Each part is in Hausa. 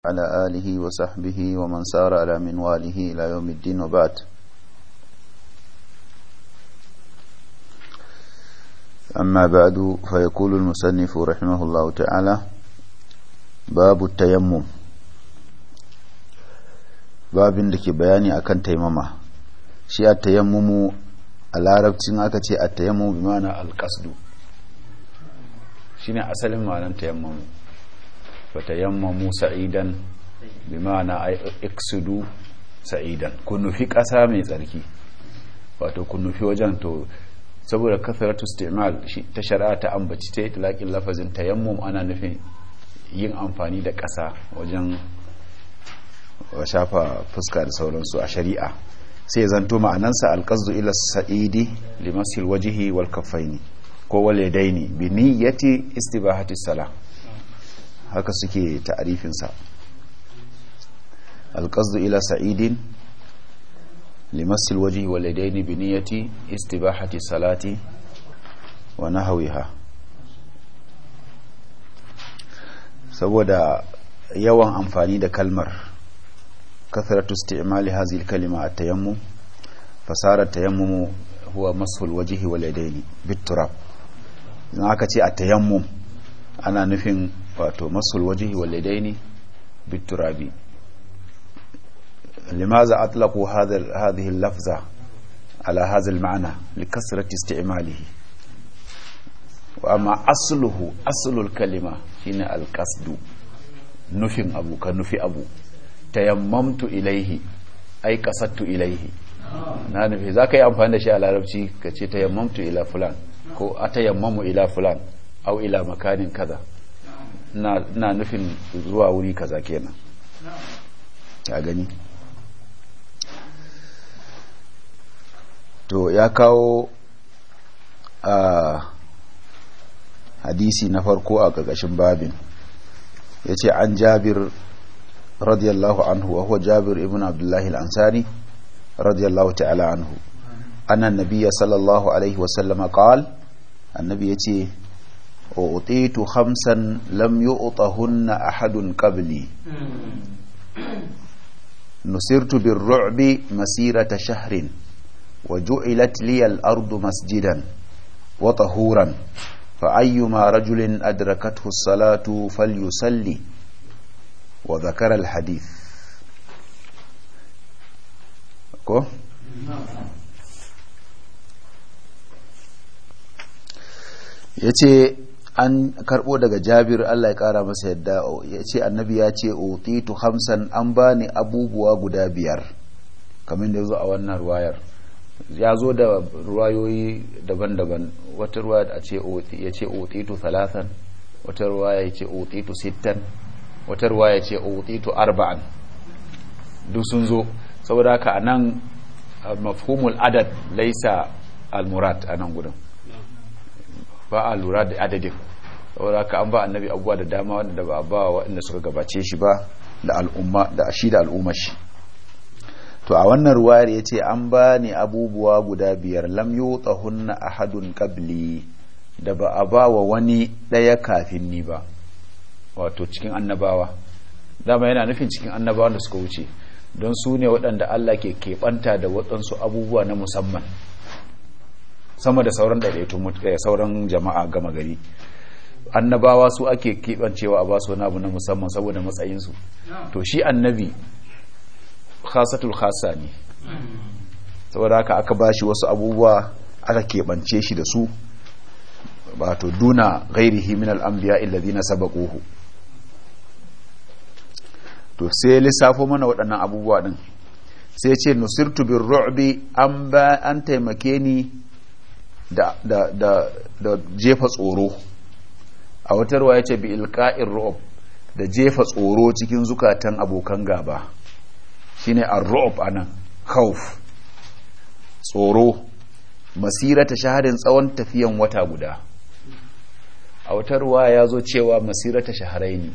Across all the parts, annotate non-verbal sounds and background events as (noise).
على آله وصحبه ومن سار على منواله إلى يوم الدين وبعد أما بعد فيقول المسنف رحمه الله تعالى باب التيمم باب لك بياني أكن تيمما شيء التيمم العرب تنعك التيمم بمعنى القصد شيء أسلم على التيمم fatayammamu sa'idan bimana iksudu sa'idan kun nufi ƙasa mai tsarki wato kun nufi wajen to saboda kasaratu istimal ta shari'a ta ambaci ta tilakin lafazin tayammum ana nufin yin amfani da ƙasa wajen shafa fuska da sauransu a shari'a sai zanto ma'anansa alqasdu ila sa'idi limasil wajihi wal kaffaini ko wal yadaini bi niyyati istibahati sala. haka suke ta'arifinsa alƙasdu ila sa'idin limassil waje waladaini biniyati istibahati salati wa nahawiha saboda yawan amfani da kalmar kasratu isti'mali hazil kalima a tayammu fasara tayammumu huwa masul wajihi waladaini turab idan aka ce a tayammum ana nufin wato masul walidai ne biturabi limaza atlaqu hadhihi lafza ala ma'ana ma'ana mana likasrati isti'malihi wa amma asluhu asulul kalima shi ne alkasdu nufin abu ka nufi abu tayammamtu ilaihi ai kasattu ilaihi na nufi za ka yi amfani da shi a larabci ka ce tayammamtu ila fulan ko a tayammamu ila fulan au ila makanin kaza na nufin zuwa wuri kaza kenan ya gani to ya kawo a hadisi na farko a ƙarƙashin babin ya ce an jabir radiyallahu anhu wa huwa jabir ibn abdullahi al'ansari radiyallahu ta'ala anhu annan nabiya sallallahu alaihi wasallama ƙal annabi ya ce أعطيت خمسا لم يؤطهن أحد قبلي نصرت بالرعب مسيرة شهر وجعلت لي الأرض مسجدا وطهورا فأيما رجل أدركته الصلاة فليسلي وذكر الحديث كو yace an karbo daga jabir Allah ya kara masa yadda ya ce annabi ya ce utitu hamsan an bani abubuwa guda biyar kamar da ya zo a wannan ruwayar ya zo da ruwayoyi daban-daban wata ruwa ya ce utitu talatan wata ruwa ya ce utitu sittan wata ruwa ya ce utitu arba'an duk sun zo saboda haka anan mafhumul adad laisa almurad anan gudun ba a lura da adadin saboda ka an ba annabi abubuwa da dama wanda ba ba waɗanda suka gabace shi ba da al'umma da shi da al'umma shi to a wannan ruwayar yace an ba ni abubuwa guda biyar lam yutahunna ahadun qabli da ba a ba wa wani ɗaya kafin ni ba wato cikin annabawa dama yana nufin cikin annabawa da suka wuce don su ne waɗanda Allah ke keɓanta da waɗansu abubuwa na musamman sama da sauran ɗaiɗaitun eh, sauran jama'a gama gari annabawa su ake keɓancewa a basu wani abu na musamman saboda matsayinsu to shi annabi khasatul khasa ne saboda haka aka bashi wasu abubuwa aka keɓance shi da su wato duna ghairihi min al'ambiya illazina sabaquhu to sai lissafo mana waɗannan abubuwa ɗin sai ce nusirtu bin ru'bi an ba an taimake ni da jefa tsoro a watarwa ya ce bi ilka'in Roob da jefa tsoro cikin zukatan abokan gaba shine a Roob a nan kauf tsoro masira ta shaharin tsawon tafiyan wata guda a wata ya zo cewa masira ta shaharai ne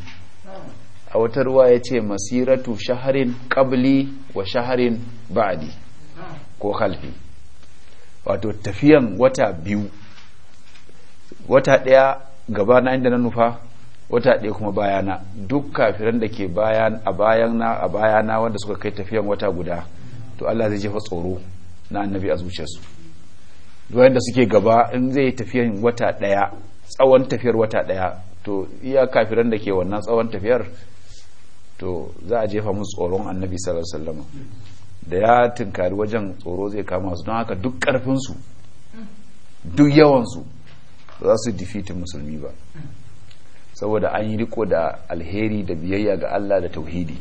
a wata ya ce masiratu shaharin ƙabli wa shaharin ba'adi ko khalfi wato tafiyan wata biyu wata ɗaya gaba na inda na nufa wata ɗaya kuma bayana duk kafiran da ke bayan a na a bayana wanda suka kai tafiyan wata guda to Allah zai jefa tsoro na annabi a zuciyarsu duwayen da suke gaba in zai tafiyan wata ɗaya tsawon tafiyar wata ɗaya to iya kafiran da ke wannan tsawon tafiyar to za a jefa musu tsoron annabi sallallahu alaihi da ya tunkari wajen tsoro zai kama su don haka duk ƙarfinsu duk yawansu ba za su defeat musulmi ba saboda an yi riko da alheri da biyayya ga Allah da tauhidi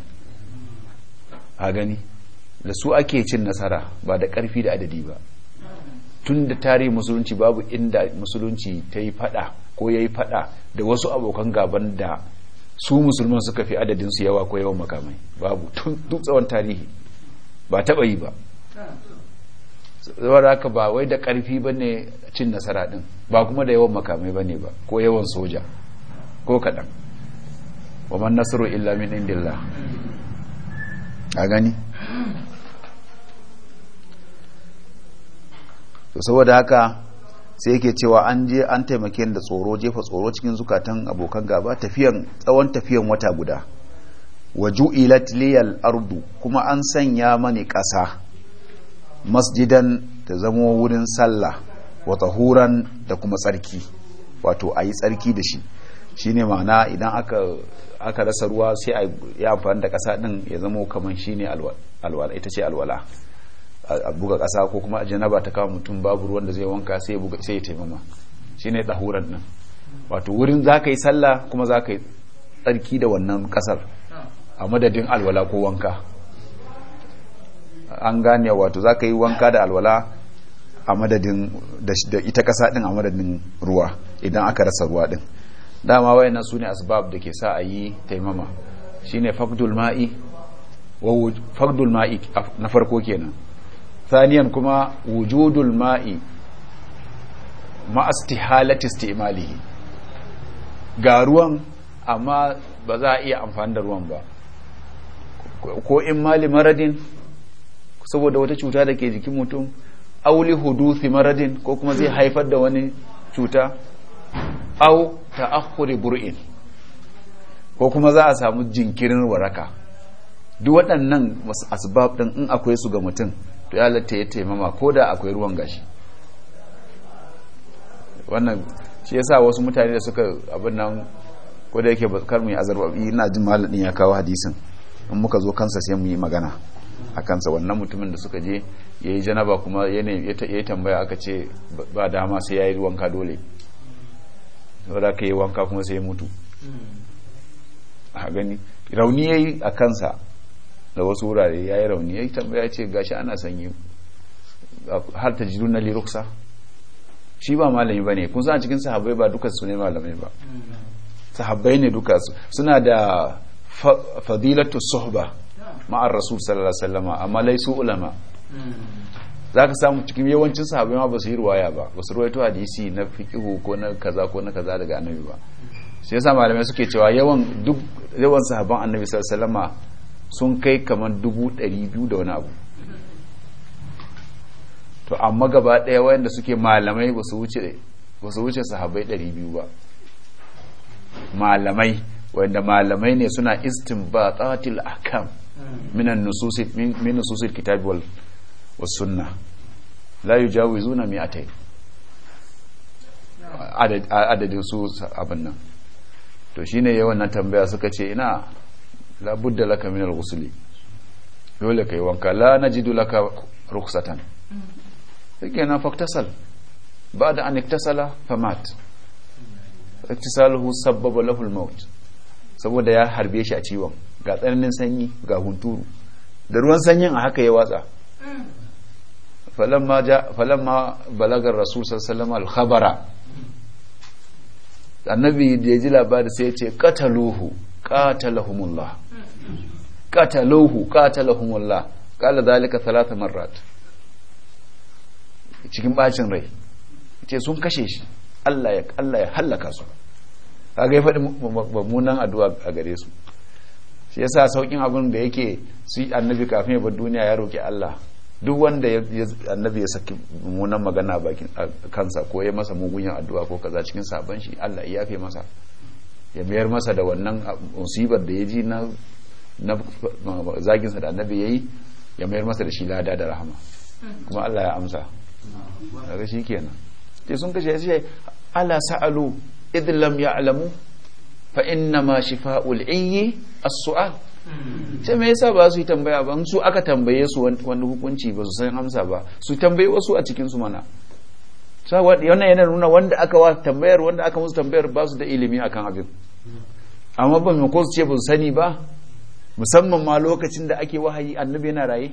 a gani da su ake cin nasara ba da karfi da adadi ba tun da tarihi musulunci babu inda musulunci ta yi fada ko ya yi fada da wasu abokan gaban da su musulman suka fi adadin su yawa ko yawan makamai babu tun tsawon tarihi ba taba yi ba saboda haka ba wai da karfi ne cin nasara din ba kuma da yawan makamai ne ba ko yawan soja ko kadan wa man nasru illa min indillah a gani to saboda haka sai yake cewa an je an taimake da tsoro jefa tsoro cikin zukatan abokan gaba tafiyan tsawon tafiyan wata guda wa ju'ilat liyal ardu kuma an sanya mani kasa. masjidan da zamo wurin sallah wa tahuran da kuma tsarki wato a tsarki da shi shine ma'ana idan aka rasa ruwa sai a yi amfani da ƙasa din ya zama kamar shi ne alwala ita ce alwala a buga ƙasa ko kuma a janaba ta kawo mutum babu ruwan da zai wanka sai ya taimama shi ne ɗahuran nan wato wurin za ka yi sallah kuma za ka yi tsarki da wannan ƙasar a madadin alwala ko wanka an gane wato za ka yi wanka da alwala a madadin da ita kasa din a madadin ruwa idan aka rasa ruwa din dama nan su ne asbab da ke sa a yi taimama shine ne ma'i ma'i na farko kenan saniyan kuma wujudul ma'i ma istihalati istimalihi ga ruwan amma ba za a iya amfani da ruwan ba ko in mali maradin saboda wata cuta da ke jikin mutum auli hudusi maradin ko kuma zai haifar da wani cuta au ta ta'akhuri bur'in ko kuma za a samu jinkirin waraka duk waɗannan asbab ɗin in akwai su ga mutum to ya latta ya taimama ko da akwai ruwan gashi wannan shi yasa wasu mutane da suka abin nan ko da yake kar mu yi azarbabi ina jin malamin ya kawo hadisin in muka zo kansa sai mu yi magana a kansa wannan mutumin da suka je ya yi janaba kuma ya yi tambaya aka ce ba dama sai ya yi wanka dole saboda ka yi wanka kuma sai ya mutu hmm. a gani rauni ya yi a kansa da wasu wurare ya yi rauni ya yi tambaya ce gashi ana sanyi har ta jiru na liruksa shi ba malami ba ne kun san cikin sahabbai ba duka su ne malamai ba hmm. sahabbai ne duka su suna da fadilatu suhba ma'ar rasul sallallahu alaihi wasallam amma laisu ulama zaka samu cikin yawancin sahabbai ma ba su yi ruwaya ba ba su ruwaito hadisi na fiqhu ko na kaza ko na kaza daga annabi ba sai yasa malamai suke cewa yawan duk yawan sahabban annabi sallallahu alaihi wasallam sun kai kamar 200 da wani abu to amma gaba daya wayanda suke malamai ba su wuce ba su wuce sahabbai 200 ba malamai wanda malamai ne suna istinbatatil ahkam Minan من النصوص من نصوص الكتاب والسنة لا يجاوزون مئتين adadin su abin nan to shine yawan na tambaya suka ce ina la labudda laka min al-ghusli dole kai wanka la najidu laka rukhsatan kenan faktasal ba'da an iktasala famat iktisaluhu sabbaba lahu al-maut saboda ya harbe shi a ciwon ga tsananin sanyi ga hunturu da ruwan sanyin a haka ya watsa falamma balagar rasul sassalam alkhabara annabi da ya ji labari sai ya ce kataluhu katalahumullah kataluhu katalahumullah kala zalika talata marat cikin bacin rai ce sun kashe shi Allah ya hallaka su kaga ya faɗi mummunan addu'a a gare su shi yasa saukin abin da yake su annabi kafin ya bar duniya ya roki Allah duk wanda annabi ya saki mummunan magana bakin kansa ko ya masa mugunyan addu'a ko kaza cikin sabon shi Allah ya fi masa ya mayar masa da wannan musibar da ya ji na zaginsa da annabi ya yi ya mayar masa da shi lada da rahama kuma Allah ya amsa daga shi kenan sai sun kashe ya ce ala sa'alu idlam ya'lamu fa inna ma shifa'ul iyyi as-su'al sai me yasa ba su yi tambaya ba su aka tambaye su wani hukunci ba su san amsa ba su tambaye wasu a cikin su mana wannan yana nuna wanda aka wa tambayar wanda aka musu tambayar ba su da ilimi akan abin amma ba mu ko su ce ba su sani ba musamman ma lokacin da ake wahayi annabi yana raye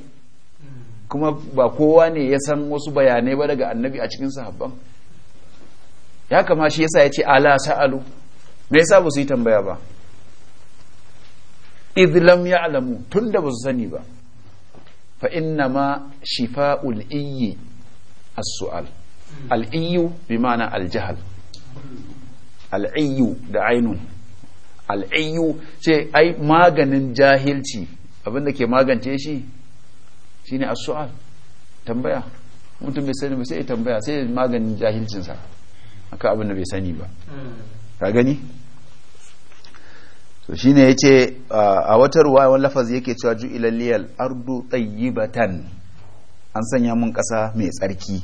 kuma ba kowa ne ya san wasu bayanai ba daga annabi a cikin sahabban ya kama shi yasa ya ce ala sa'alu me yasa ba su yi tambaya ba idlam ya alamu tun da ba su sani ba fa inna ma shifa'ul iyyi as-su'al al-iyyu bi ma'ana al-jahl al-iyyu da ainun al-iyyu ce ai maganin jahilci abinda ke magance shi shine as-su'al tambaya mutum bai sani ba sai ya tambaya sai maganin jahilcinsa aka abin da bai sani ba ka gani to ya ce a wata ruwa wani lafazi yake cewa ju liyal ardu tayyibatan an sanya mun kasa mai tsarki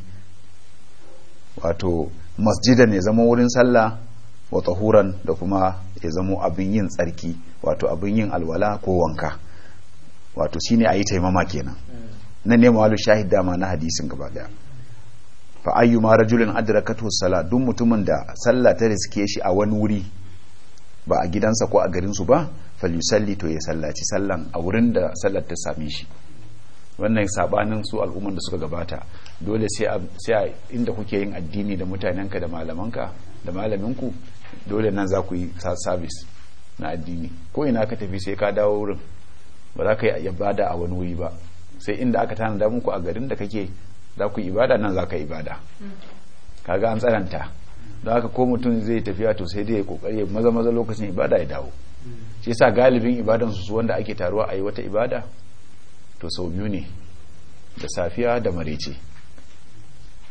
wato masjidan ya zama wurin sallah wa tahuran da kuma ya zama abin yin tsarki wato abin yin alwala ko wanka wato a yi taimama kenan hmm. nan ne mawalu shahid dama na hadisin gaba daya fa ayyuma rajulin adrakatu sala duk mutumin da sallah ta riske shi a wani wuri ba a gidansa ko a garinsu ba falisalli to ya sallaci sallan a wurin da sallar ta same shi wannan sabanin su al'umman da suka gabata dole sai a inda kuke yin addini da mutanenka da malamanka da malaminku dole nan za ku yi service na addini ko ina ka tafi sai ka dawo wurin ba za ka yi ibada a wani wuri ba sai inda aka tanada muku a garin da kake za ku ibada nan za ka ibada mm. kaga an tsananta da haka ko mutum zai tafiya to sai dai ya kokari maza maza lokacin ibada ya dawo shi yasa galibin ibadan su wanda ake taruwa a yi wata ibada to sau biyu ne da safiya da marece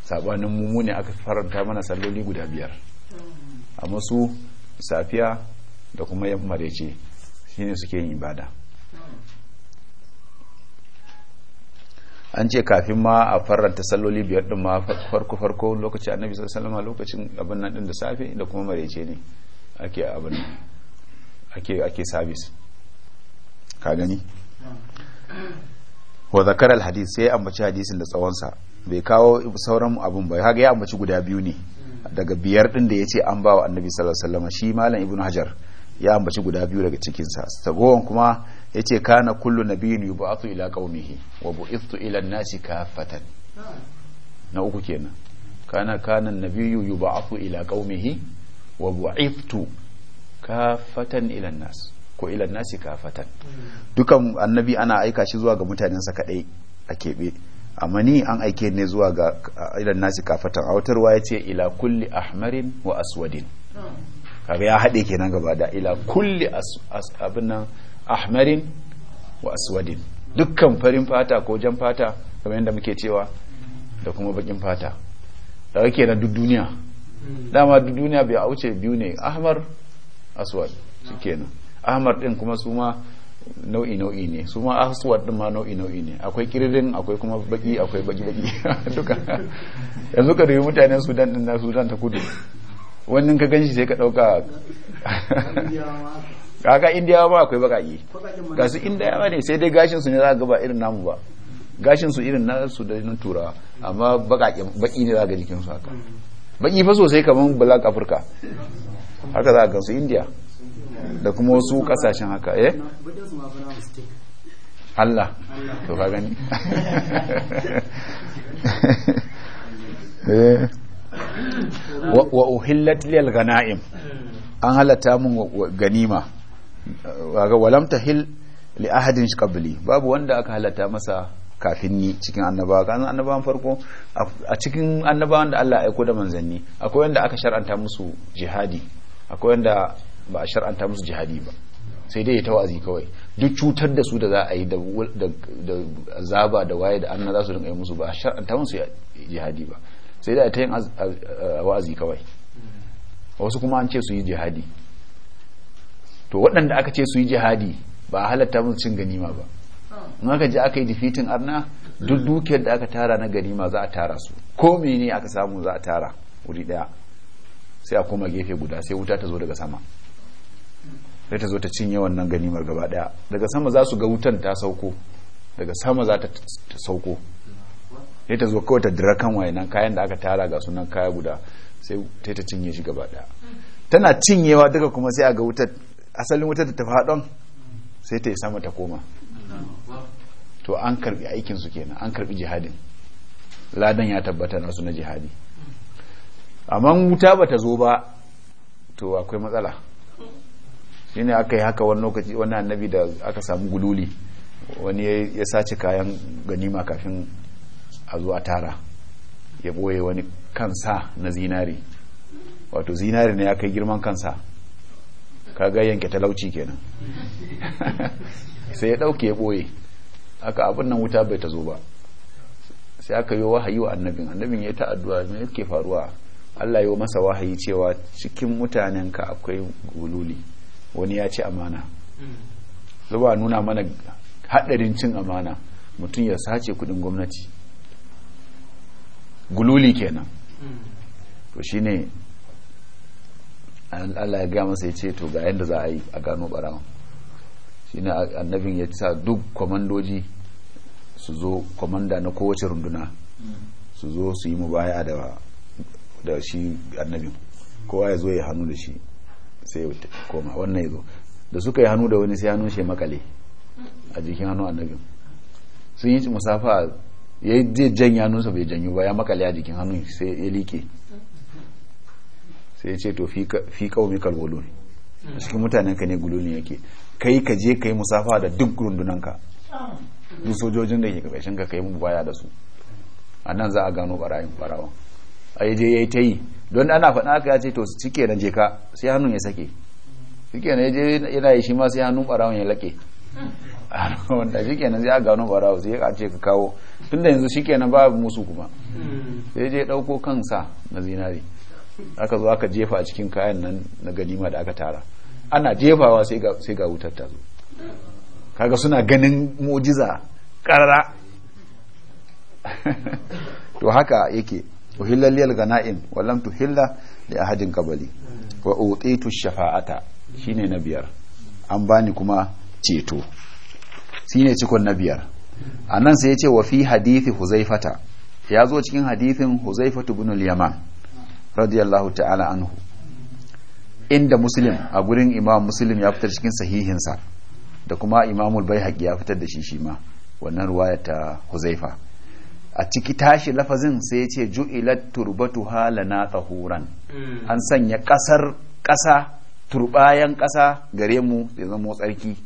sabanin mumu ne aka faranta mana salloli guda biyar amma su safiya da kuma marece shine suke yin ibada an ce kafin ma a farranta salloli biyar din ma farko farko lokacin annabi sallallahu alaihi lokacin abin nan din da safe da kuma marece ne ake abin ake ake service ka gani wa zakar al hadith sai ambaci hadisin da tsawon sa bai kawo sauran abun ba kaga ya ambaci guda biyu ne daga biyar din da yace an bawa annabi sallallahu alaihi wasallam shi malam ibnu hajar ya ambaci guda biyu daga cikin sa tagowan kuma yace kana kullu nabiyyin yub'athu ila qaumihi wa bu'istu ila an-nasi kaffatan na uku kenan kana kana nabiyu nabiyyu yub'athu ila qaumihi wa bu'istu kaffatan ila an-nas ko ila an-nasi kaffatan dukan annabi ana aika shi zuwa ga mutanensa kadai a kebe amma ni an aike ne zuwa ga ila nasi kafatan autarwa ya ce ila kulli ahmarin wa aswadin kaga ya haɗe kenan gaba da ila kulli abin nan ahmarin wa aswadin dukkan farin fata ko jan fata kamar yadda muke cewa da kuma bakin fata da kake na duk duniya dama duk duniya bai wuce biyu ne ahmar aswad shikenan ahmar din kuma su ma nau'i nau'i ne su ma aswad din ma nau'i nau'i ne akwai kiririn akwai kuma baki akwai baki baki (laughs) duka yanzu ka dubi mutanen sudan din na sudan ta kudu wannan ka ganshi sai ka dauka kaga indiyawa ba akwai bakaki ga su indiyawa ne sai dai gashin su ne za ga ba irin namu ba gashin su irin nasu da nan tura amma bakakin baki ne za ga jikin su haka baki fa sosai kamar black africa haka za ga su indiya da kuma wasu kasashen haka eh Allah to ka gani (laughs) eh wa uhillat lil ganaim an halatta mun ganima waga walam tahil li ahadin qabli babu wanda aka halatta masa kafin ni cikin annabawa kan annabawan farko a cikin annabawan da Allah ya aiko da manzanni akwai wanda aka shar'anta musu jihadi akwai wanda ba a shar'anta musu jihadi ba sai dai ya ta wazi kawai duk cutar da su da za a yi da zaba da waye da annaba za su dinga yi musu ba a shar'anta musu jihadi ba sai da ta yin eh, wa'azi kawai wasu kuma an ce su yi jihadi to waɗanda aka ce su yi jihadi ba a halatta musu cin ganima ba in aka ji aka yi difitin arna duk dukiyar da aka tara na ganima za a tara su ko ne aka samu za a tara wuri daya sai a koma gefe guda sai wuta ta zo daga sama sai ta zo ta cinye wannan ganimar gaba daya daga sama za su ga wutan ta sauko daga sama za ta sauko sai ta zo kawai ta dira kan wayannan kayan da aka tara ga sunan kaya guda sai ta ta cinye shi gaba daya tana cinyewa duka kuma sai a ga wutar asalin wutar da ta faɗon sai ta yi sama ta koma to an karbi aikin su kenan an karbi jihadin ladan ya tabbata nasu na jihadi amma wuta bata zo ba to akwai matsala shine aka yi haka wani lokaci wani annabi da aka samu gululi wani ya sace kayan ganima kafin a zo a tara ya ɓoye wani kansa na zinari wato zinari ne ya kai girman kansa kaga yanke talauci kenan (laughs) sai ya ɗauke ya ɓoye aka abin nan wuta bai ta zo ba sai aka yi wahayi wa annabin annabin ya ta addu'a yake faruwa Allah yi masa wahayi cewa cikin mutanen ka akwai gululi wani ya ci amana zuba nuna mana haɗarin cin amana mutum ya sace kudin gwamnati gululi kenan hmm. to shine Allah ya gaya masa ya ce to ga yadda za a yi a gano barawan shine annabin ya sa duk kwamandoji su zo kwamanda na kowace runduna hmm. su zo su yi mubaya da da shi annabin kowa ya zo ya hannu da shi sai ya koma wannan ya zo da suka yi hannu da wani sai hannun shi makale hmm. a jikin hannu annabin sun yi musafa ya zai janya hannunsa bai janyu ba ya makale a jikin hannun sai ya like sai ya ce to fi kaumi kalwalo ne a cikin mutanenka ne gulu ne yake kai ka je ka yi musafa da duk rundunanka duk sojojin da ke gabashin ka kai mu baya da su a nan za a gano barayin barawan a je ya yi ta yi don ana faɗa aka ya ce to cike na je ka sai hannun ya sake cike yana yi shi ma sai hannun barawan ya laƙe (laughs) wanda shi kenan sai a gano barawo sai ya ce ka kawo tun da yanzu shi kenan ba musu kuma sai je ɗauko kansa na zinari aka zo aka jefa cikin kayan nan na ganima da aka tara ana jefawa sai ga wutar ta zo kaga suna ganin mujiza karara (laughs) to haka yake uhilla liyal gana'im wallam tuhilla li ahadin qabli wa utitu shafa'ata shine na biyar an bani kuma ceto shine cikon na biyar a nan sai ya ce wa fi hadithi huzaifata ya zo cikin hadithin huzaifatu bin yaman radiyallahu ta'ala anhu inda muslim a gurin imam muslim ya fitar cikin sahihinsa da kuma imamul bai ya fitar da shi shi ma wannan ruwaya ta huzaifa a ciki tashi lafazin sai ya ce ju'ilat turbatu halana tsahuran hmm. an sanya ƙasar ƙasa turbayan ƙasa gare mu ya zama tsarki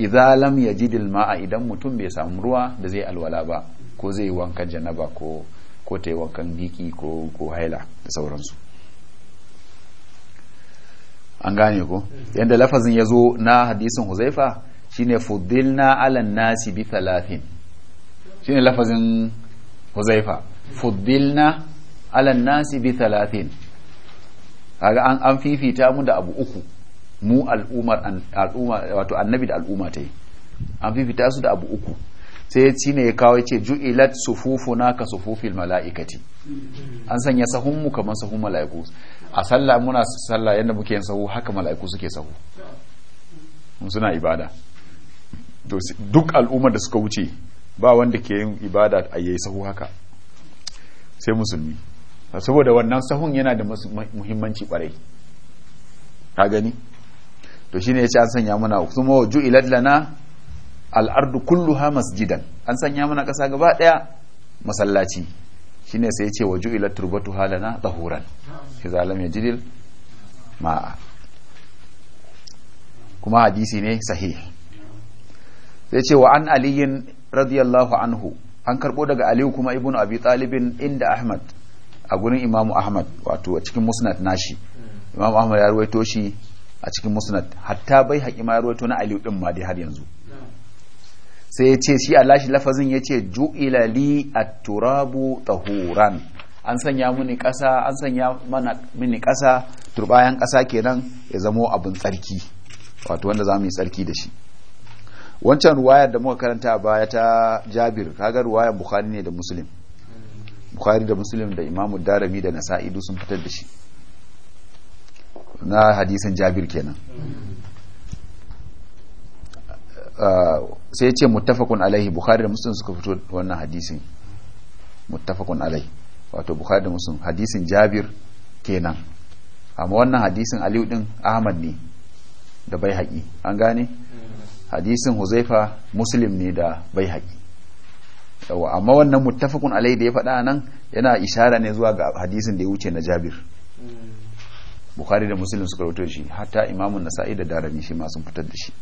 idza lam yajidil ma'a idan mutum bai samu ruwa da zai alwala ba ko zai yi wankan janaba ko ko ta yi wankan biki ko ko haila da sauransu an gane ko yadda lafazin ya zo na hadisin huzaifa shine fudilna ala nasi bi talatin shine lafazin huzaifa fudilna ala nasi bi talatin kaga an fifita mu da abu uku mu al'umar al'umma wato annabi da al'umma ta yi an fifita su da abu uku sai ya cine ya kawo ce ju'ilat sufufuna ka sufufil mala'ikati an sanya sahun mu kamar sahun mala'iku a sallah muna sallah yadda muke yin sahu haka mala'iku suke sahu suna ibada duk al'ummar da suka wuce ba wanda ke yin ibada a yayi sahu haka sai musulmi saboda wannan sahun yana da muhimmanci kwarai ka gani to shine yace an sanya mana kuma ju'ilat lana al-ardu kulluha masjidan an sanya mana kasa gaba daya masallaci shine sai yace wa ju'ilat turbatu halana tahuran idza lam yajidil ma'a kuma hadisi ne sahih sai ce wa an aliyin radiyallahu anhu an karbo daga aliyu kuma ibnu abi talibin inda ahmad a gurin imamu ahmad wato a cikin musnad nashi imamu ahmad ya ruwaito shi a cikin musnad hatta bai haƙi ma ruwaito na aliyu ɗin ma dai har yanzu sai ya ce shi Allah shi lafazin ya ce ju'ila li at-turabu tahuran an sanya mini ƙasa an sanya mana mini ƙasa turbayan ƙasa kenan ya zamo abin tsarki wato wanda za mu yi tsarki da shi wancan ruwayar da muka karanta a baya ta Jabir kaga ruwayar Bukhari ne da Muslim Bukhari da Muslim da imamu darami da nasa'idu sun fitar da shi na hadisin jabir kenan uh, sai ya ce muttafaqun alaihi bukhari da muslim suka fito wannan hadisin muttafaqun alaihi wato bukhari da muslim hadisin jabir kenan amma wannan hadisin aliyu din ahmad ne da bai haƙi an gane hadisin huzaifa muslim ne da bai haƙi amma wannan muttafaqun alaihi da ya faɗa nan yana ishara ne zuwa ga hadisin da ya wuce na jabir bukhari da muslim suka rawaito shi hatta imamun nasa'i da darami shi ma sun fitar da shi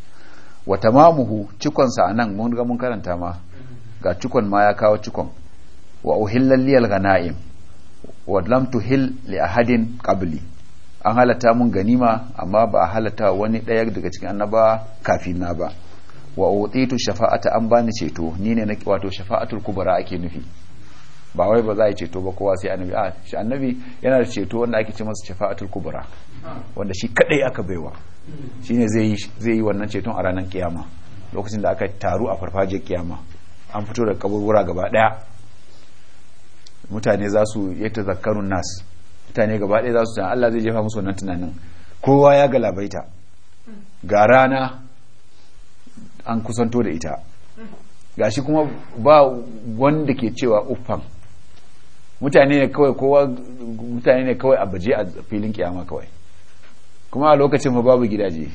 wa tamamuhu cikon sa anan mun ga mun karanta ma ga cikon ma ya kawo cikon wa uhillal liyal ghanaim wa lam tuhil li ahadin qabli an halatta mun ganima amma ba a halatta wani daya daga cikin annaba kafin na ba wa utitu shafa'ata an bani ceto ni ne na wato shafa'atul kubra ake nufi ba wai ba za a yi ceto ba kowa sai annabi a shi annabi yana da ceto wanda ake ce masa shafa'atul kubra wanda shi kadai aka baiwa shine zai zai yi wannan ceton a ranar kiyama lokacin da aka taru a farfajiyar kiyama an fito da kaburbura gaba daya mutane za su yi tazakkarun nas mutane gaba daya za su san Allah zai jefa musu wannan tunanin kowa ya galabaita ga rana an kusanto da ita gashi kuma ba wanda ke cewa uffan mutane ne kawai kowa mutane ne kawai a baje a filin kiyama kawai kuma a lokacin fa babu gidaje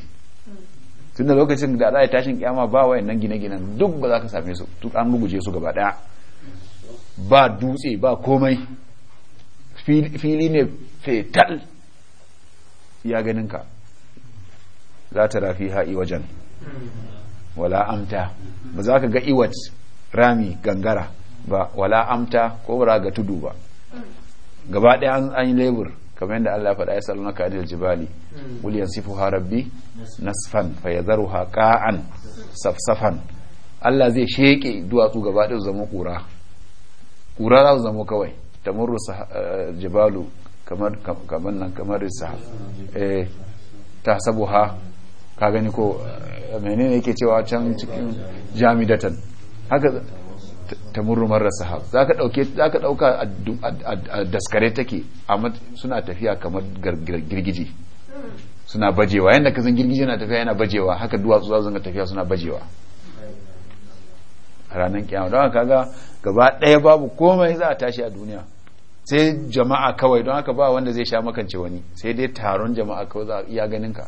tun da lokacin da za a tashin kiyama ba nan gine-ginen duk ba za ka same su duk an guguje su gaba daya ba dutse ba komai fili ne fetal ya ganin ka za ta rafi ha'i wajen wala amta ba za ka ga iwat rami gangara ba wala amta ko ba ga tudu ba gaba ɗaya an yi lebur kamar yadda Allah faɗa ya na ka anil jibali wul yansifu ha nasfan fa zaru haƙa'an safsafan Allah zai sheke duwatsu gaba ɗaya zama kura kura za su zama kawai tamurru eh, jibalu kamar kamar nan kamar eh, ta sabu ha ka gani ko eh, menene yake cewa can cikin jami'atan haka tamurru marar sahab za ka dauka a daskare take amma suna tafiya kamar girgiji suna bajewa yadda ka san girgije na tafiya yana bajewa haka duwatsu za su tafiya suna bajewa ranar kiyama don haka ga gaba daya babu komai za a tashi a duniya sai jama'a kawai don haka ba wanda zai sha makance wani sai dai taron jama'a kawai za a iya ganin ka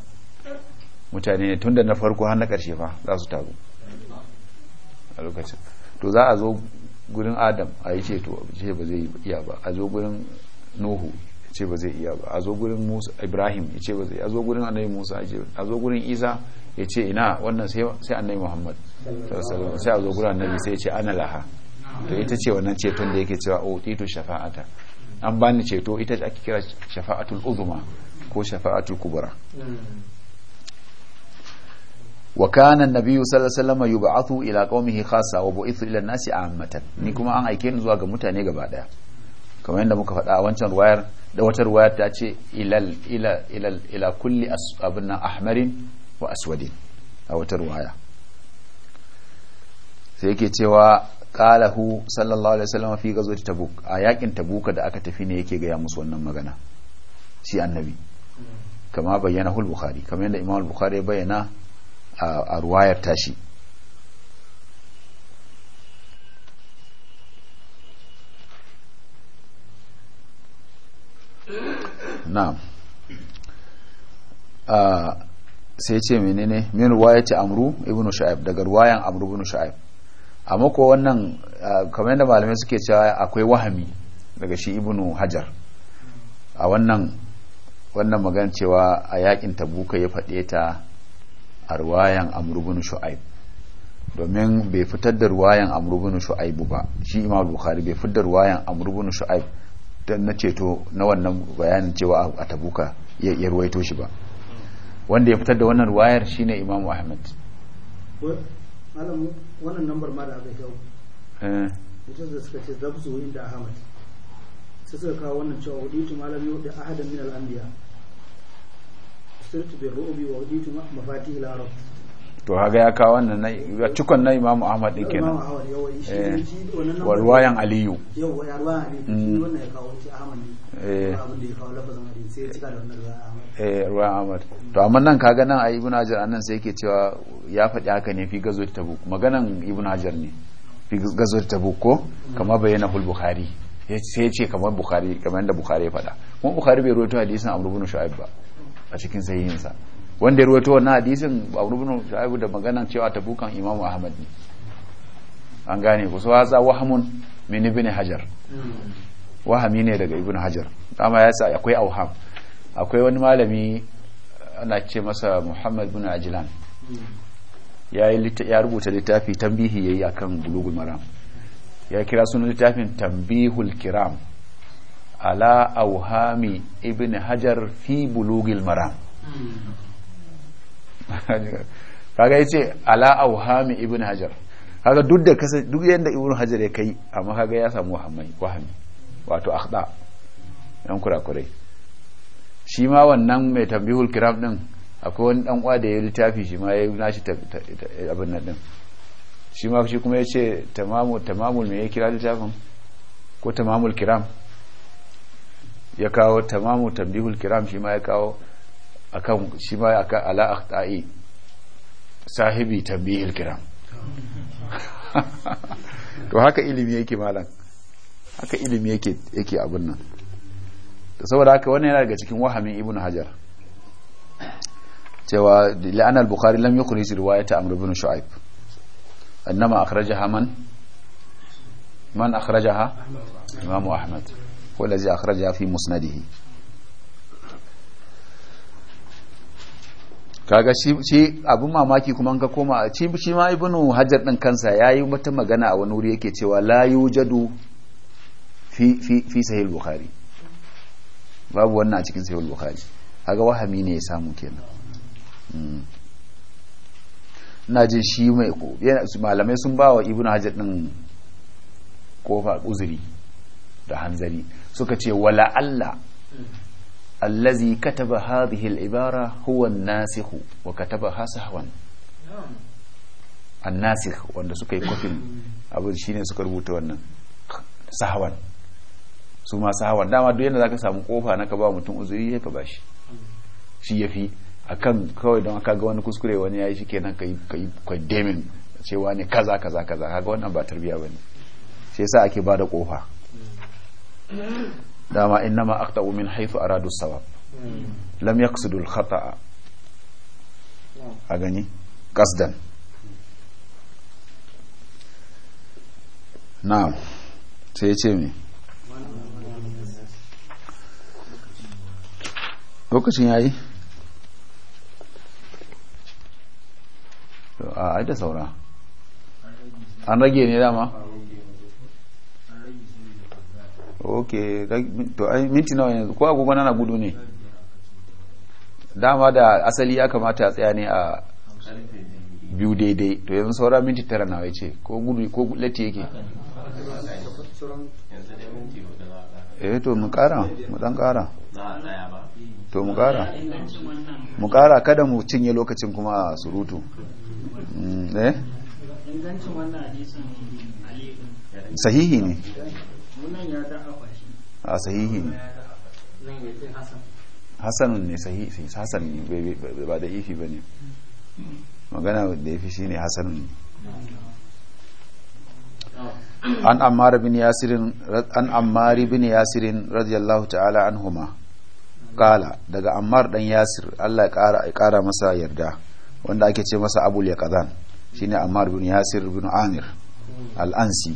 mutane ne tun da na farko har na ƙarshe fa za su taru a lokacin to za a zo gurin adam a yi ce to ce ba zai iya ba a zo gurin nuhu ya ce ba zai iya ba a zo gurin musa ibrahim ya ce ba zai a zo gurin annabi musa a zo gurin isa ya ce ina wannan sai annabi muhammad sai a zo gurin annabi sai ya ce ana laha to ita ce wannan ceton da yake cewa o titu shafa'ata an bani ceto ita ake kira shafa'atul uzuma ko shafa'atul kubra hmm. wa kana annabiyyu sallallahu alaihi wasallam yub'athu ila qaumihi khassa wa bu'ithu ila nasi ammatan ni kuma an aike ni zuwa ga mutane gaba daya kamar yadda muka faɗa a wancan ruwayar da wata ruwayar ta ce ilal ila ilal ila kulli abin nan ahmarin wa aswadin a wata ruwaya sai yake cewa qalahu sallallahu alaihi wasallam fi gazwati tabuk a yakin tabuka da aka tafi ne yake gaya musu wannan magana shi annabi kama bayyana hul bukhari kamar yadda imam bukhari bayyana a ruwayar tashi na'am sai ce menene min ruwayati amru ibnu sha'ib daga ruwayan amru ibnu sha'ib amma ko wannan kamar yadda malamai suke cewa akwai wahami daga shi ibnu hajar a wannan wannan magana cewa a yakin tabuka ya faɗe ta a ruwayan amrubin shu'aib domin bai fitar da ruwayan amrubin shu'aib ba shi imam bukhari bai fitar da ruwayan amrubin shu'aib don na ceto na wannan bayanin cewa a tabuka ya ruwaito shi ba wanda ya fitar da wannan ruwayar shine imam ahmad wannan number ma da aka kawo mutum eh. da suka ce zabzu inda ahmad sai suka kawo wannan cewa huditu malami da ahadan min al-anbiya sirtu bi ru'bi to haga ya kawo wannan na cikon na imamu ahmad din kenan eh. wa aliyu yawa ya aliyu mm. wannan ya kawo ci ahmad ne eh. abin da ya kawo lafazin hadisi sai ya cika da wannan ahmad eh ahmad to amma nan kaga nan a ibnu hajar anan sai yake cewa ya faɗi haka ne fi gazo tabuk maganan ibnu hajar ne fi gazo tabuk ko kamar bayyana hul bukhari sai ya ce kamar bukhari kamar yadda bukhari ya faɗa kuma bukhari bai rawaito hadisin amr ibn shu'aib ba a cikin sahihinsa wanda ya ruwato wannan hadisin a rubin shaibu da magana cewa tabukan imamu ahmad ne an gane ku sawa za wahamun min ibn hajar wahami ne daga ibn hajar dama ya sa akwai auham akwai wani malami ana ce masa muhammad bin ajilan ya rubuta littafi tambihi ya yayi akan bulugul maram ya kira sunan littafin tambihul kiram ala auhami ibn hajar fi bulugil maram hmm. kaga yace ala auhami ibn hajar kaga duk da kasa duk yanda ibn hajar ya kai amma kaga ya samu wahamai wahami wato akhda yan kurakurai shi ma wannan mai tambihul kiram din akwai wani dan uwa da ya littafi shi ma ya nashi abin nan din shi ma shi kuma yace tamamu tamamul me ya kira littafin ko tamamul kiram ya kawo tamamu tambihul kiram shi ma ya kawo akan shi ma akan ala akhtai sahibi tambihul kiram (laughs) to haka ilimi yake malam haka ilimi yake yake abin nan saboda haka wannan yana daga cikin wahamin ibnu hajar cewa la'an al-bukhari lam yukhrij riwayata amr ibn shu'aib annama akhrajaha man man akhrajaha imamu ahmad والذي أخرجها في مسنده kaga shi abin mamaki kuma ka koma shi shi ma ibn hajar din kansa yayi wata magana a wani wuri yake cewa la yujadu fi fi fi sahih bukhari babu wannan a cikin sahih bukhari kaga wahami ne ya samu kenan na ji shi mai ko malamai sun ba wa ibn hajar din kofa uzuri da hanzari suka ce wala Allah allazi kataba hadhihi al-ibara huwa an-nasikh wa kataba hasahwan an-nasikh wanda suka yi kofin abu shine suka rubuta wannan sahwan su ma sahwan dama duk yanda zaka samu kofa na ka ba mutum uzuri ya ka bashi shi yafi akan kawai don aka ga wani kuskure wani yayi shikenan kai kai condemning cewa ne kaza kaza kaza kaga wannan ba tarbiya bane shi yasa ake bada kofa dama innama aqta'u min haythu aradu sawab lam yaqsidu al-khata'a a gani qasdan na'am sai ya ce mi lokacin yayi a da saura an rage ne dama ok to ai minti nawa yanzu ko agogo na gudu ne dama da asali ya kamata a tsaya ne a biyu daidai to yanzu saura minti tara nawa ce ko gudu ko lati yake eh to mu kara mu dan kara to mu kara mu kara kada mu cinye lokacin kuma a surutu mm, eh sahihi ne a sahihi ne hasanun ne sahihi hasan ne ba da ifi ba ne magana da ya fi shi ne hasanun ne an ammar bin yasirin an ammari bin yasirin radiyallahu ta'ala anhuma kala daga ammar dan yasir Allah ya kara masa yarda wanda ake ce masa abul yaqadan shine ammar bin yasir bin amir al-ansi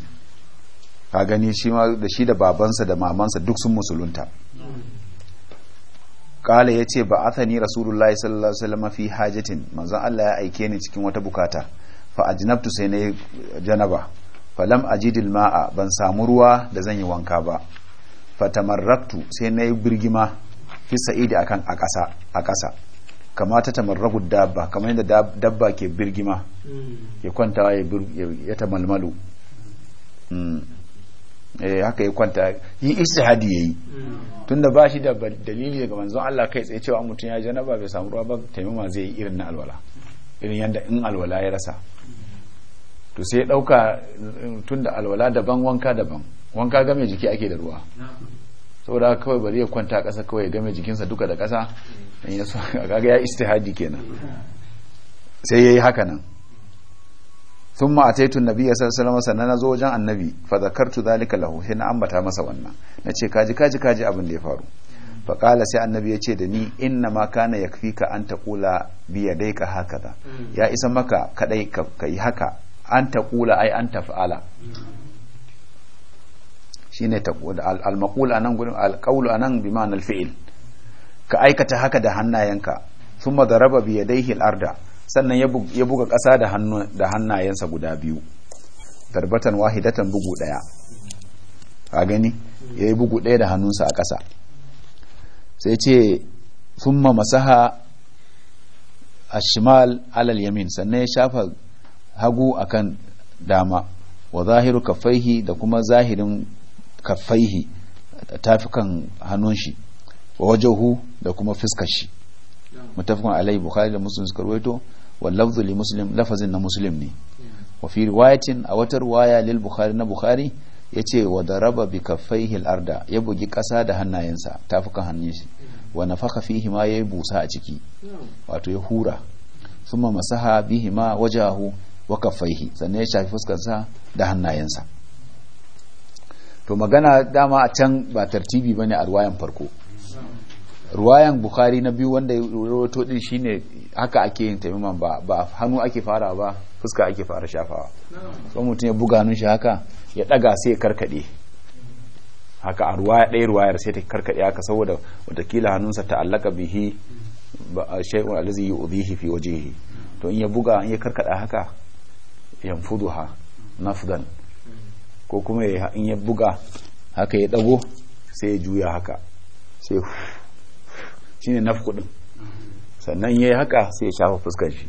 ka gani shi ma da shi da babansa da mamansa duk sun musulunta kala ya ce ba athani rasulullahi sallallahu alaihi wasallam fi hajatin manzon Allah ya aike ni cikin wata bukata fa ajnabtu sai nayi janaba falam ajidil ma'a ban samu ruwa da zan yi wanka ba fa fatamarraktu sai nayi birgima fi sa'idi akan a ƙasa a ƙasa kama ta tamarragu dabba kamar yadda dabba ke birgima hmm. ya kwanta ya tamalmalu hmm. eh haka ya kwanta yi istihadi yayi hmm. tunda ba shi da dalili daga manzon Allah kai tsaye cewa mutum ya jana ba bai samu ruwa ba taimama zai yi irin na alwala irin yadda in alwala ya rasa to sai ya dauka eh, tunda alwala daban wanka daban wanka game jiki ake da ruwa saboda kawai bari ya kwanta kasa kawai ya game jikinsa duka da kasa hmm. ya so (laughs) kaga ya istihadi kenan sai yayi haka nan ثم اتيت النبي صلى الله عليه وسلم nazo wajen وجن fa فذكرت ذلك له حين ambata masa wannan nace kaji kaji kaji abin da ya faru fa qala sai annabi yace da ni inna ma kana yakfika an taqula bi yadayka hakaza hmm. ya isa maka kadai kai haka an taqula ai an taf'ala hmm. shine taqula al maqul anan gurin al qawlu anan bi ma'na al fi'l ka aikata haka da hannayenka thumma daraba bi yadayhi al arda sannan ya buga ƙasa da hannayensa guda biyu darbatan wahidatan bugu ɗaya a gani ya yi bugu ɗaya da hannunsa a ƙasa sai ce thumma masaha a shimal alal yamin sannan ya shafa hagu akan dama wa zahiru kafaihi da kuma zahirin kafaihi tafikan hannun shi wa wajahu da kuma fiskar shi mutafakun alai bukhari da muslim suka wa li muslim lafazin na muslim ne wa fi riwayatin a wata riwaya lil bukhari na bukhari yace wa daraba bi kaffaihi al arda ya bugi kasa da hannayensa tafukan hannun shi wa nafaka fihi ma yayi busa a ciki wato ya hura summa masaha bihi ma wajahu wa kaffaihi sannan ya shafi fuskarsa da hannayensa to magana dama a can ba tartibi bane a ruwayan farko ruwayan bukhari na biyu wanda rawato din shine haka ake yin tamiman ba ba hannu ake fara ba fuska ake fara shafawa so mutum ya buga hannun shi haka ya daga sai ya karkade haka a ruwaya ɗaya ruwayar sai ta karkade haka saboda watakila hannunsa ta'allaka bihi shay'un allazi yu'dhihi fi wajhihi to in ya buga in ya karkada haka yanfuduha nafdan ko kuma in ya buga haka ya dago sai ya juya haka sai shine nafku din sannan ya yi haka sai ya shafa fuskar shi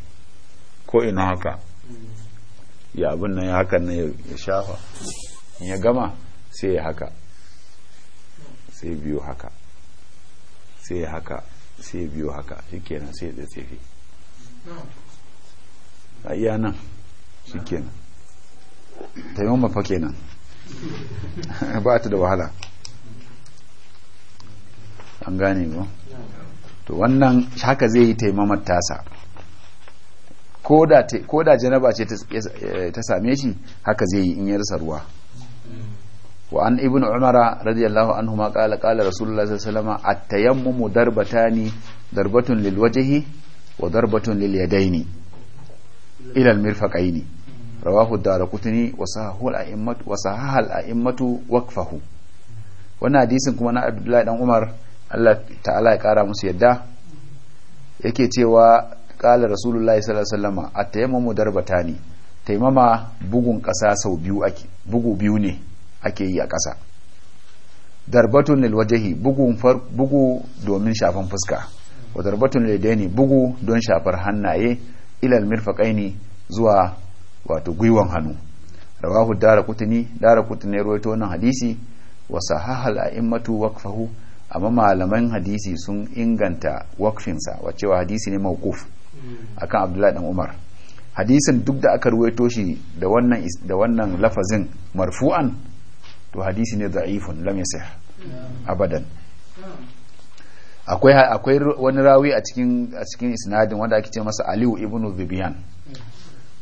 ko ina haka ya abin nan ya haka nan ya shafa in ya gama sai ya haka sai biyu haka sai ya haka sai biyu haka shikenan sai da tsefi a iya nan shikenan taimama mafa kenan (laughs) ba ta da wahala an gane to wannan haka zai yi taimamar tasa ko da janaba ce ta same shi haka zai yi in yi ruwa wa an ibn umara radiyallahu anhu ma kala kala rasulullah sallallahu alaihi wasallam at-tayammumu darbatani darbatun lil wajhi wa darbatun lil yadaini ila al-mirfaqaini rawahu darqutni wa sahahu al-a'immatu wa sahaha al-a'immatu waqfahu wannan hadisin kuma na abdullahi dan umar Allah ta'ala ya kara musu yadda yake cewa kala rasulullah sallallahu alaihi a at darbata ne taimama bugun kasa sau biyu ake bugu biyu ne ake yi a kasa darbatun lil wajhi bugun far bugu domin shafan fuska wa darbatun lil yadaini bugu don shafar hannaye ila al mirfaqaini zuwa wato gwiwan hannu rawahu darakutni darakutni ruwaito wannan hadisi wa sahahal a'immatu waqfahu amma malaman hadisi sun inganta wakfinsa wacewa hadisi ne mawquf hmm. akan abdullahi dan umar hadisin duk da aka ruwaito shi da wannan da wannan lafazin marfu'an to hadisi ne da'ifun lam yasih hmm. abadan hmm. akwai wani rawi a cikin a cikin isnadin wanda ake ce masa aliu ibnu zibiyan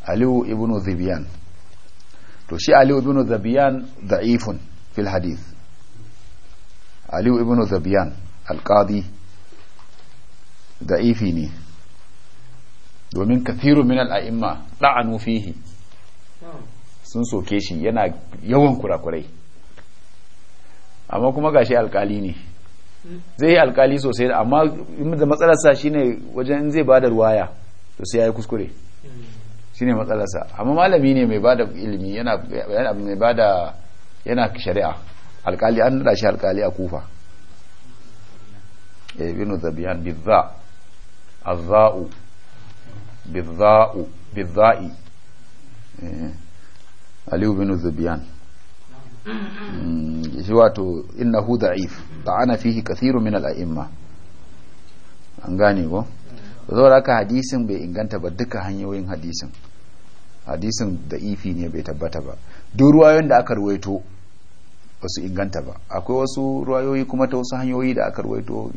aliyu ibnu zibiyan to shi aliyu ibnu zibiyan da'ifun fil hadith aliyu ibn zabiyan alƙadi da'ifi ne domin kathiru min al'a'imma ɗa'anu fihi sun soke shi yana yawan kurakurai amma kuma gashi alƙali ne zai yi alƙali sosai amma da matsalarsa shine wajen zai ba da ruwaya to sai ya yi kuskure shine matsalarsa amma malami ne mai ba da ilimi mai yana shari'a alkali an nada shi alkali a kufa eh, ibn zabiyan bizza azza'u bizza'u bizza'i eh, aliyu bin zabiyan hmm, shi wato innahu da'if ta'ana fihi kathiru min al'a'imma an gane ko zuwa haka hadisin bai inganta ba duka hanyoyin hadisin hadisin da ifi ne bai tabbata ba duk ruwayoyin da aka ruwaito wasu inganta ba akwai wasu ruwayoyi kuma ta wasu hanyoyi da aka ruwaito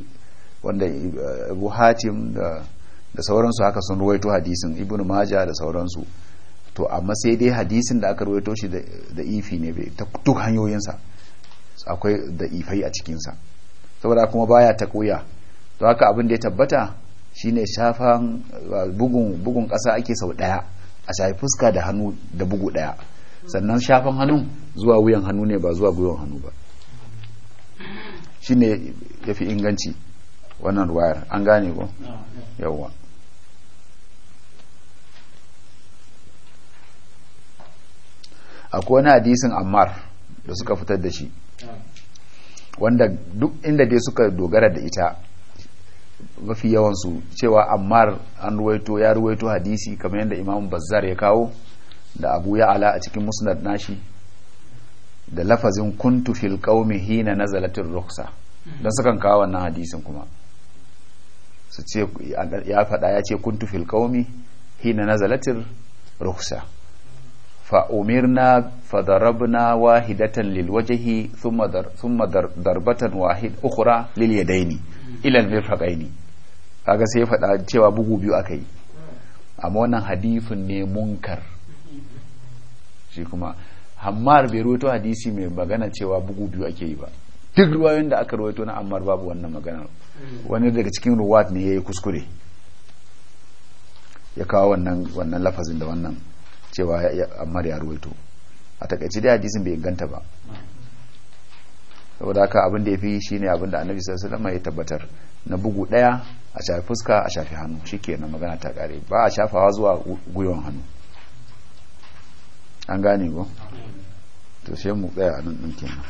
wanda eh, abu hatim da sauransu haka sun ruwaito hadisin ibn maja da sauransu to amma sai dai hadisin da aka ruwaito shi da ifi ne ta duk hanyoyinsa akwai da ifai a cikinsa saboda kuma baya ta kuya to haka abin da ya tabbata shine shafan eh, bugun bugun ƙasa ake sau ɗaya a shafi fuska da hannu da bugu ɗaya sannan shafan hannu zuwa wuyan hannu ne ba zuwa gwiwan hannu ba shine ya fi inganci wannan ruwayar an gane ko yawwa akwai wani hadisin ammar da suka fitar da shi wanda duk inda dai suka dogara da ita mafi yawansu cewa ammar an ruwaito ya ruwaito hadisi kamar yadda imamun bazzar ya kawo da abu ya ala a cikin musnad nashi da lafazin kuntu fil qaumi hina nazalatir ruksa dan sukan kawo wannan hadisin kuma su ce ya fada ya ce kuntu fil qaumi hina nazalatir ruksa fa umirna fa darabna wahidatan lil wajhi thumma dar, thumma dar, darbatan wahid ukhra lil yadaini ila al mirfaqaini kaga sai ya fada cewa bugu biyu akai amma wannan hadisin ne munkar shi kuma hammar bai ruwaito hadisi mai magana cewa bugu biyu ake yi ba duk ruwayoyin da aka ruwaito na ammar babu wannan maganar wani daga cikin ruwat ne ya yi kuskure ya kawo wannan lafazin da wannan cewa ammar ya ruwaito a takaice dai hadisin bai inganta ba saboda haka abin da ya fi shi ne abin da annabi sai alaihi ya tabbatar na bugu daya a shafi fuska a shafi hannu shi shikenan magana ta kare ba a shafawa zuwa gwiwon hannu an gane ko to sai mu tsaya a nan ɗin kenan